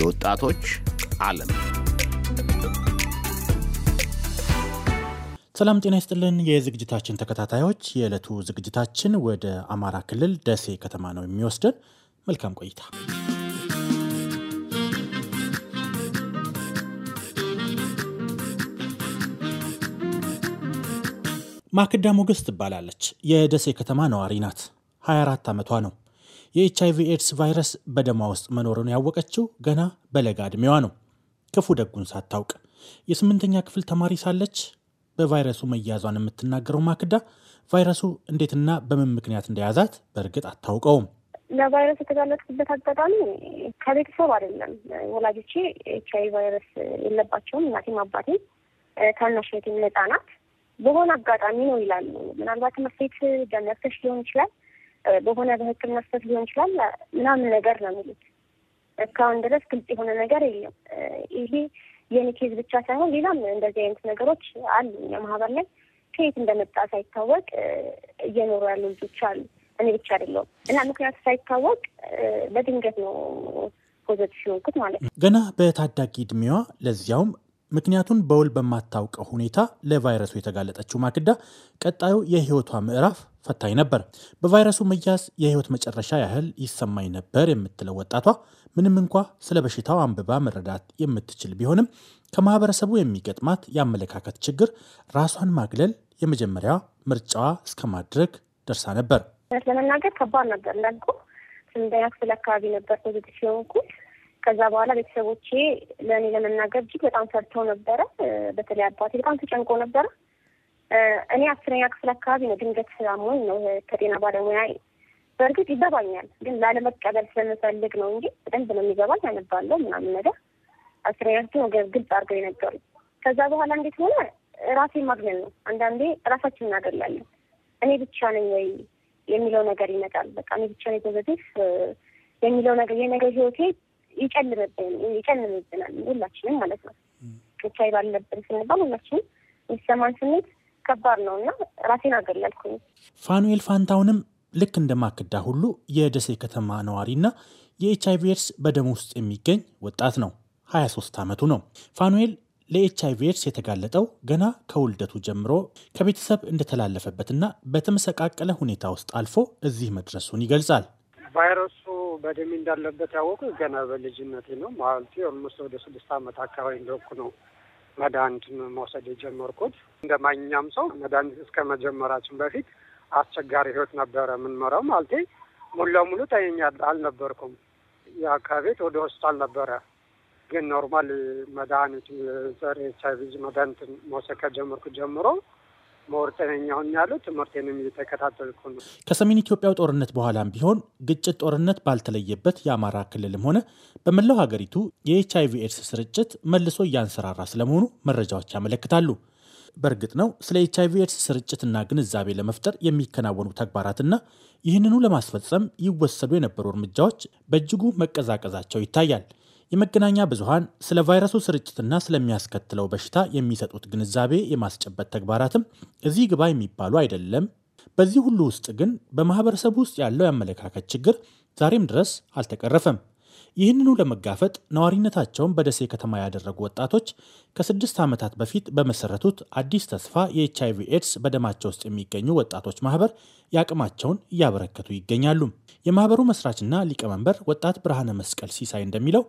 የወጣቶች ዓለም ሰላም ጤና ይስጥልን። የዝግጅታችን ተከታታዮች የዕለቱ ዝግጅታችን ወደ አማራ ክልል ደሴ ከተማ ነው የሚወስደን። መልካም ቆይታ። ማክዳ ሞገስ ትባላለች። የደሴ ከተማ ነዋሪ ናት። 24 ዓመቷ ነው። የኤችአይቪ ኤድስ ቫይረስ በደማ ውስጥ መኖሩን ያወቀችው ገና በለጋ ዕድሜዋ ነው፣ ክፉ ደጉን ሳታውቅ። የስምንተኛ ክፍል ተማሪ ሳለች በቫይረሱ መያዟን የምትናገረው ማክዳ ቫይረሱ እንዴትና በምን ምክንያት እንደያዛት በእርግጥ አታውቀውም። ለቫይረስ የተጋለጥኩበት አጋጣሚ ከቤተሰብ አይደለም። ወላጆቼ ኤች አይ ቫይረስ የለባቸውም። እናቴም አባቴም ታናሽነቴም ነፃ በሆነ አጋጣሚ ነው ይላሉ። ምናልባት ትምህርት ቤት ደም ነፍተሽ ሊሆን ይችላል በሆነ በህክምና ስህተት ሊሆን ይችላል ምናምን ነገር ነው የሚሉት። እስካሁን ድረስ ግልጽ የሆነ ነገር የለም። ይሄ የኔ ኬዝ ብቻ ሳይሆን ሌላም እንደዚህ አይነት ነገሮች አሉ። ማህበር ላይ ከየት እንደመጣ ሳይታወቅ እየኖሩ ያሉ ልጆች አሉ። እኔ ብቻ አይደለሁም እና ምክንያቱ ሳይታወቅ በድንገት ነው ፖዘቲቭ የሆንኩት ማለት ነው። ገና በታዳጊ እድሜዋ ለዚያውም ምክንያቱን በውል በማታውቀው ሁኔታ ለቫይረሱ የተጋለጠችው ማክዳ ቀጣዩ የህይወቷ ምዕራፍ ፈታኝ ነበር። በቫይረሱ መያዝ የህይወት መጨረሻ ያህል ይሰማኝ ነበር የምትለው ወጣቷ ምንም እንኳ ስለ በሽታው አንብባ መረዳት የምትችል ቢሆንም ከማህበረሰቡ የሚገጥማት የአመለካከት ችግር ራሷን ማግለል የመጀመሪያ ምርጫዋ እስከ ማድረግ ደርሳ ነበር። ለመናገር ከባድ ነበር እንዳልኩ ስንደኛ ክፍል አካባቢ ነበር ፖዚቲቭ ከዛ በኋላ ቤተሰቦቼ ለእኔ ለመናገር እጅግ በጣም ፈርተው ነበረ። በተለይ አባቴ በጣም ተጨንቆ ነበረ። እኔ አስረኛ ክፍል አካባቢ ነው ድንገት አሞኝ ነው ከጤና ባለሙያ በእርግጥ ይገባኛል፣ ግን ላለመቀበል ስለምፈልግ ነው እንጂ በደንብ ነው የሚገባኝ። ያነባለው ምናምን ነገር አስረኛ ክፍል ወገ ግልጽ አድርገው የነገሩ። ከዛ በኋላ እንዴት ሆነ ራሴ ማግነን ነው። አንዳንዴ ራሳችን እናገላለን። እኔ ብቻ ነኝ ወይ የሚለው ነገር ይመጣል። በቃ እኔ ብቻ ነኝ ፖዘቲቭ የሚለው ነገር የነገ ህይወቴ ይጨልምብን ይጨልምብናል፣ ሁላችንም ማለት ነው። ብቻ ባለብን ስንባል ሁላችንም የሚሰማን ስሜት ከባድ ነው እና ራሴን አገለልኩኝ። ፋኑኤል ፋንታውንም ልክ እንደማክዳ ሁሉ የደሴ ከተማ ነዋሪና የኤች አይቪ ኤድስ በደም ውስጥ የሚገኝ ወጣት ነው። 23 ዓመቱ ነው። ፋኑኤል ለኤች አይቪ ኤድስ የተጋለጠው ገና ከውልደቱ ጀምሮ ከቤተሰብ እንደተላለፈበትና በተመሰቃቀለ ሁኔታ ውስጥ አልፎ እዚህ መድረሱን ይገልጻል። ቫይረሱ በደሜ እንዳለበት ያወቁ ገና በልጅነቴ ነው ማለት ኦልሞስት ወደ ስድስት ዓመት አካባቢ እንደወቅኩ ነው መድኃኒት መውሰድ የጀመርኩት። እንደ ማንኛውም ሰው መድኃኒት እስከ መጀመራችን በፊት አስቸጋሪ ህይወት ነበረ የምንመራው። ማለቴ ሙሉ ለሙሉ ጤነኛ አልነበርኩም። ያ ከቤት ወደ ሆስፒታል ነበረ። ግን ኖርማል መድኃኒት ዘር ኤች አይ ቪ መድኃኒት መውሰድ ከጀመርኩ ጀምሮ ምሁር ያሉ ትምህርቴንም እየተከታተልኩ ነው። ከሰሜን ኢትዮጵያው ጦርነት በኋላም ቢሆን ግጭት፣ ጦርነት ባልተለየበት የአማራ ክልልም ሆነ በመላው ሀገሪቱ የኤች አይቪ ኤድስ ስርጭት መልሶ እያንሰራራ ስለመሆኑ መረጃዎች ያመለክታሉ። በእርግጥ ነው ስለ ኤች አይቪ ኤድስ ስርጭትና ግንዛቤ ለመፍጠር የሚከናወኑ ተግባራትና ይህንኑ ለማስፈጸም ይወሰዱ የነበሩ እርምጃዎች በእጅጉ መቀዛቀዛቸው ይታያል። የመገናኛ ብዙሃን ስለ ቫይረሱ ስርጭትና ስለሚያስከትለው በሽታ የሚሰጡት ግንዛቤ የማስጨበጥ ተግባራትም እዚህ ግባ የሚባሉ አይደለም። በዚህ ሁሉ ውስጥ ግን በማህበረሰቡ ውስጥ ያለው የአመለካከት ችግር ዛሬም ድረስ አልተቀረፈም። ይህንኑ ለመጋፈጥ ነዋሪነታቸውን በደሴ ከተማ ያደረጉ ወጣቶች ከስድስት ዓመታት በፊት በመሰረቱት አዲስ ተስፋ የኤች አይቪ ኤድስ በደማቸው ውስጥ የሚገኙ ወጣቶች ማህበር የአቅማቸውን እያበረከቱ ይገኛሉ። የማህበሩ መስራችና ሊቀመንበር ወጣት ብርሃነ መስቀል ሲሳይ እንደሚለው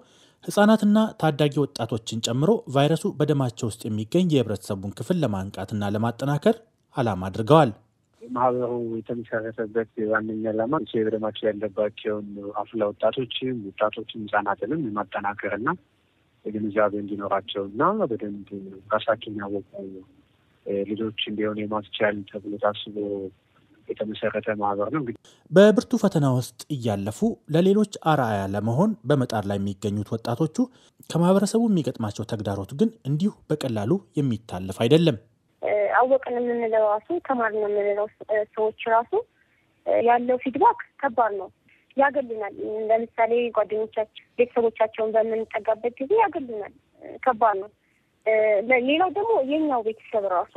ህጻናትና ታዳጊ ወጣቶችን ጨምሮ ቫይረሱ በደማቸው ውስጥ የሚገኝ የህብረተሰቡን ክፍል ለማንቃትና ለማጠናከር ዓላማ አድርገዋል። ማህበሩ የተመሰረተበት ዋነኛ ዓላማ በደማቸው ያለባቸውን አፍላ ወጣቶችም ወጣቶችም ህጻናትንም የማጠናከርና እንዲኖራቸው እንዲኖራቸውና በደንብ ራሳቸውን ያወቁ ልጆች እንዲሆን የማስቻል ተብሎ ታስቦ የተመሰረተ ማህበር ነው። እንግዲህ በብርቱ ፈተና ውስጥ እያለፉ ለሌሎች አርአያ ለመሆን በመጣር ላይ የሚገኙት ወጣቶቹ ከማህበረሰቡ የሚገጥማቸው ተግዳሮት ግን እንዲሁ በቀላሉ የሚታለፍ አይደለም። አወቅን የምንለው ራሱ ተማርን የምንለው ሰዎች ራሱ ያለው ፊድባክ ከባድ ነው። ያገሉናል። ለምሳሌ ጓደኞቻቸው ቤተሰቦቻቸውን በምንጠጋበት ጊዜ ያገሉናል። ከባድ ነው። ሌላው ደግሞ የኛው ቤተሰብ ራሱ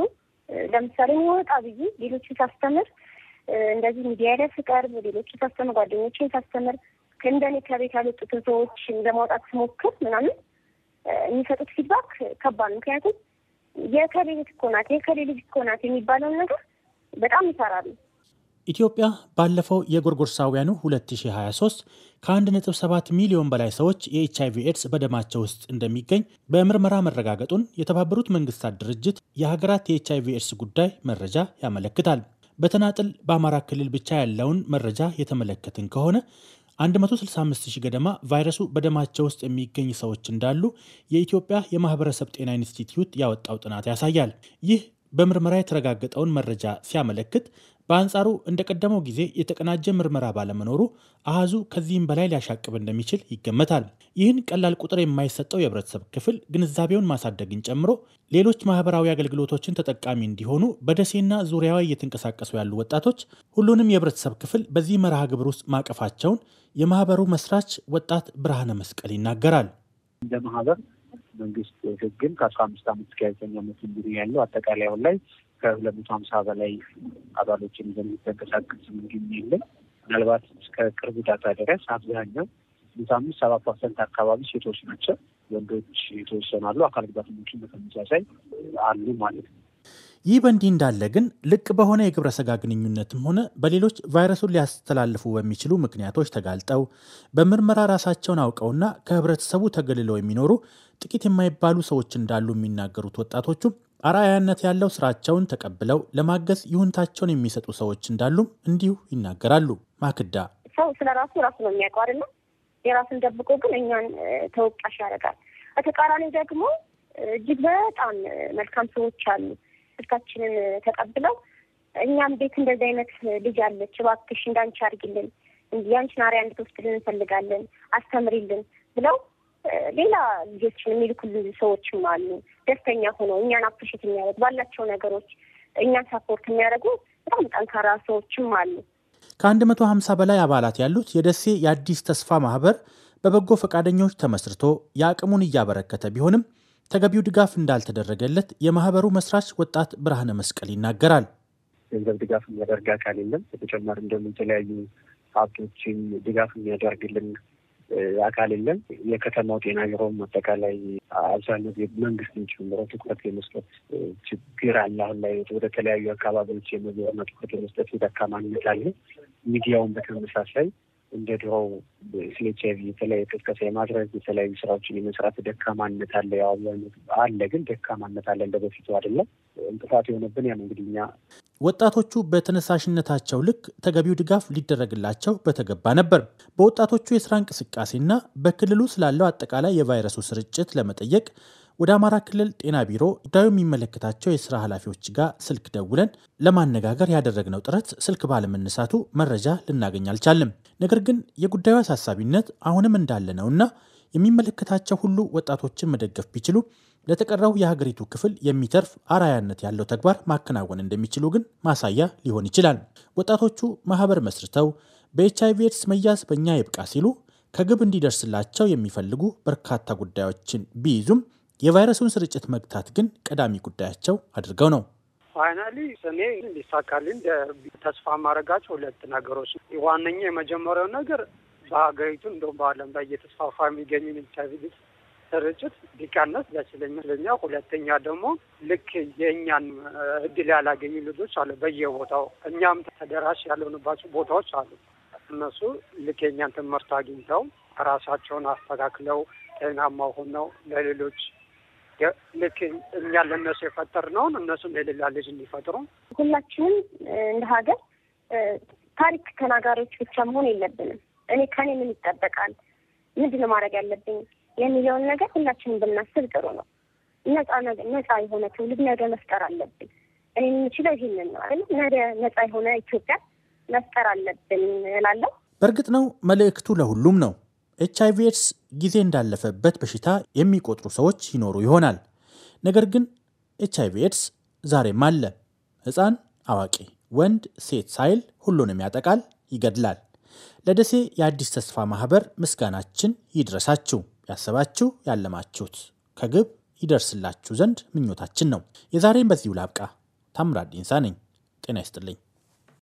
ለምሳሌ ወጣ ብዬ ሌሎችን ሳስተምር እንደዚህ ሚዲያ ላይ ስቀርብ ሌሎች ሳስተምር፣ ጓደኞችን ሳስተምር እንደኔ ከቤት ያልወጡትን ሰዎች ለማውጣት ስሞክር ምናምን የሚሰጡት ፊድባክ ከባድ። ምክንያቱም የከሌ ልጅ እኮ ናት የከሌ ልጅ እኮ ናት የሚባለውን ነገር በጣም ይሰራሉ። ኢትዮጵያ ባለፈው የጎርጎርሳውያኑ 2023 ከ1.7 ሚሊዮን በላይ ሰዎች የኤችአይቪ ኤድስ በደማቸው ውስጥ እንደሚገኝ በምርመራ መረጋገጡን የተባበሩት መንግስታት ድርጅት የሀገራት የኤችአይቪ ኤድስ ጉዳይ መረጃ ያመለክታል። በተናጥል በአማራ ክልል ብቻ ያለውን መረጃ የተመለከትን ከሆነ 165 ገደማ ቫይረሱ በደማቸው ውስጥ የሚገኝ ሰዎች እንዳሉ የኢትዮጵያ የማህበረሰብ ጤና ኢንስቲትዩት ያወጣው ጥናት ያሳያል። ይህ በምርመራ የተረጋገጠውን መረጃ ሲያመለክት በአንጻሩ እንደ ቀደመው ጊዜ የተቀናጀ ምርመራ ባለመኖሩ አሃዙ ከዚህም በላይ ሊያሻቅብ እንደሚችል ይገመታል። ይህን ቀላል ቁጥር የማይሰጠው የህብረተሰብ ክፍል ግንዛቤውን ማሳደግን ጨምሮ ሌሎች ማህበራዊ አገልግሎቶችን ተጠቃሚ እንዲሆኑ በደሴና ዙሪያዋ እየተንቀሳቀሱ ያሉ ወጣቶች ሁሉንም የህብረተሰብ ክፍል በዚህ መርሃ ግብር ውስጥ ማቀፋቸውን የማህበሩ መስራች ወጣት ብርሃነ መስቀል ይናገራል። እንደ ማህበር መንግስት ህግን ከአስራ አምስት ዓመት እስከ ዘጠኝ ዓመት ያለው አጠቃላይ አሁን ላይ ከሁለት መቶ ሀምሳ በላይ አባሎችን ይዘን የሚንቀሳቀስ የለም። ምናልባት እስከ ቅርቡ ዳታ ድረስ አብዛኛው ስልሳ አምስት ሰባ ፐርሰንት አካባቢ ሴቶች ናቸው። ወንዶች የተወሰናሉ አካል ጉዳተኞችን በተመሳሳይ አሉ ማለት ነው። ይህ በእንዲህ እንዳለ ግን ልቅ በሆነ የግብረ ሥጋ ግንኙነትም ሆነ በሌሎች ቫይረሱን ሊያስተላልፉ በሚችሉ ምክንያቶች ተጋልጠው በምርመራ ራሳቸውን አውቀውና ከህብረተሰቡ ተገልለው የሚኖሩ ጥቂት የማይባሉ ሰዎች እንዳሉ የሚናገሩት ወጣቶቹም አርአያነት ያለው ስራቸውን ተቀብለው ለማገዝ ይሁንታቸውን የሚሰጡ ሰዎች እንዳሉም እንዲሁ ይናገራሉ። ማክዳ ሰው ስለ ራሱ ራሱ ነው የሚያውቀው አይደለ? የራሱን ደብቆ ግን እኛን ተወቃሽ ያደርጋል። በተቃራኒ ደግሞ እጅግ በጣም መልካም ሰዎች አሉ። ስልካችንን ተቀብለው እኛም ቤት እንደዚህ አይነት ልጅ አለች፣ እባክሽ እንዳንቺ አድርጊልን፣ ያንቺን አርአያ እንድትወስድልን እንፈልጋለን፣ አስተምሪልን ብለው ሌላ ልጆችን የሚልኩልን ሰዎችም አሉ። ደስተኛ ሆነው እኛን አፕሪሼት የሚያደርግ ባላቸው ነገሮች እኛን ሳፖርት የሚያደርጉ በጣም ጠንካራ ሰዎችም አሉ። ከአንድ መቶ ሀምሳ በላይ አባላት ያሉት የደሴ የአዲስ ተስፋ ማህበር በበጎ ፈቃደኞች ተመስርቶ የአቅሙን እያበረከተ ቢሆንም ተገቢው ድጋፍ እንዳልተደረገለት የማህበሩ መስራች ወጣት ብርሃነ መስቀል ይናገራል። ገንዘብ ድጋፍ የሚያደርግ አካል የለም። በተጨማሪም ደግሞ የተለያዩ ሀብቶችን ድጋፍ የሚያደርግልን አካል የለም። የከተማው ጤና ቢሮም አጠቃላይ አብዛኛው መንግስትን ጨምሮ ትኩረት የመስጠት ችግር አለ። አሁን ላይ ወደ ተለያዩ አካባቢዎች የመዞርና ትኩረት የመስጠት የደካማነት አለ። ሚዲያውን በተመሳሳይ እንደ ድሮው ስለ ኤች አይቪ የተለያዩ ቅስቀሳ የማድረግ የተለያዩ ስራዎችን የመስራት ደካማነት አለ። ያው አብዛኛው አለ፣ ግን ደካማነት አለ። እንደ በፊቱ አይደለም። እንቅፋት የሆነብን ያም እንግዲህ እኛ ወጣቶቹ በተነሳሽነታቸው ልክ ተገቢው ድጋፍ ሊደረግላቸው በተገባ ነበር። በወጣቶቹ የስራ እንቅስቃሴና በክልሉ ስላለው አጠቃላይ የቫይረሱ ስርጭት ለመጠየቅ ወደ አማራ ክልል ጤና ቢሮ ጉዳዩ የሚመለከታቸው የስራ ኃላፊዎች ጋር ስልክ ደውለን ለማነጋገር ያደረግነው ጥረት ስልክ ባለመነሳቱ መረጃ ልናገኝ አልቻለም። ነገር ግን የጉዳዩ አሳሳቢነት አሁንም እንዳለ ነውና የሚመለከታቸው ሁሉ ወጣቶችን መደገፍ ቢችሉ ለተቀረው የሀገሪቱ ክፍል የሚተርፍ አራያነት ያለው ተግባር ማከናወን እንደሚችሉ ግን ማሳያ ሊሆን ይችላል። ወጣቶቹ ማህበር መስርተው በኤች አይቪ ኤድስ መያዝ በእኛ ይብቃ ሲሉ ከግብ እንዲደርስላቸው የሚፈልጉ በርካታ ጉዳዮችን ቢይዙም የቫይረሱን ስርጭት መግታት ግን ቀዳሚ ጉዳያቸው አድርገው ነው። ፋይናሊ እኔ እንዲሳካልኝ ተስፋ ማድረጋቸው ሁለት ነገሮች ዋነኛ የመጀመሪያው ነገር በሀገሪቱ እንደውም በዓለም ላይ እየተስፋፋ የሚገኙ ኤች አይቪ ኤድስ ስርጭት ቢቀንስ ደስ ይለኛል። ሁለተኛ ደግሞ ልክ የእኛን እድል ያላገኙ ልጆች አሉ በየቦታው እኛም ተደራሽ ያልሆንባቸው ቦታዎች አሉ። እነሱ ልክ የእኛን ትምህርት አግኝተው ራሳቸውን አስተካክለው ጤናማ ሆነው ለሌሎች ልክ እኛ ለእነሱ የፈጠርነውን እነሱም ለሌላ ልጅ እንዲፈጥሩ ሁላችንም እንደ ሀገር ታሪክ ተናጋሪዎች ብቻ መሆን የለብንም። እኔ ከኔ ምን ይጠበቃል? ምንድን ነው ማድረግ ያለብኝ? የሚለውን ነገር ሁላችንም ብናስብ ጥሩ ነው። ነጻ ነጻ የሆነ ትውልድ ነገ መፍጠር አለብን። እኔ የምችለው ይህንን ነው አይደል? ነገ ነጻ የሆነ ኢትዮጵያ መፍጠር አለብን እላለሁ። በእርግጥ ነው መልእክቱ ለሁሉም ነው። ኤች አይቪ ኤድስ ጊዜ እንዳለፈበት በሽታ የሚቆጥሩ ሰዎች ይኖሩ ይሆናል። ነገር ግን ኤች አይቪ ኤድስ ዛሬም አለ። ሕፃን፣ አዋቂ፣ ወንድ፣ ሴት ሳይል ሁሉንም ያጠቃል፣ ይገድላል። ለደሴ የአዲስ ተስፋ ማህበር ምስጋናችን ይድረሳችሁ። ያሰባችሁ ያለማችሁት ከግብ ይደርስላችሁ ዘንድ ምኞታችን ነው። የዛሬን በዚሁ ላብቃ። ታምራት ዲንሳ ነኝ። ጤና ይስጥልኝ።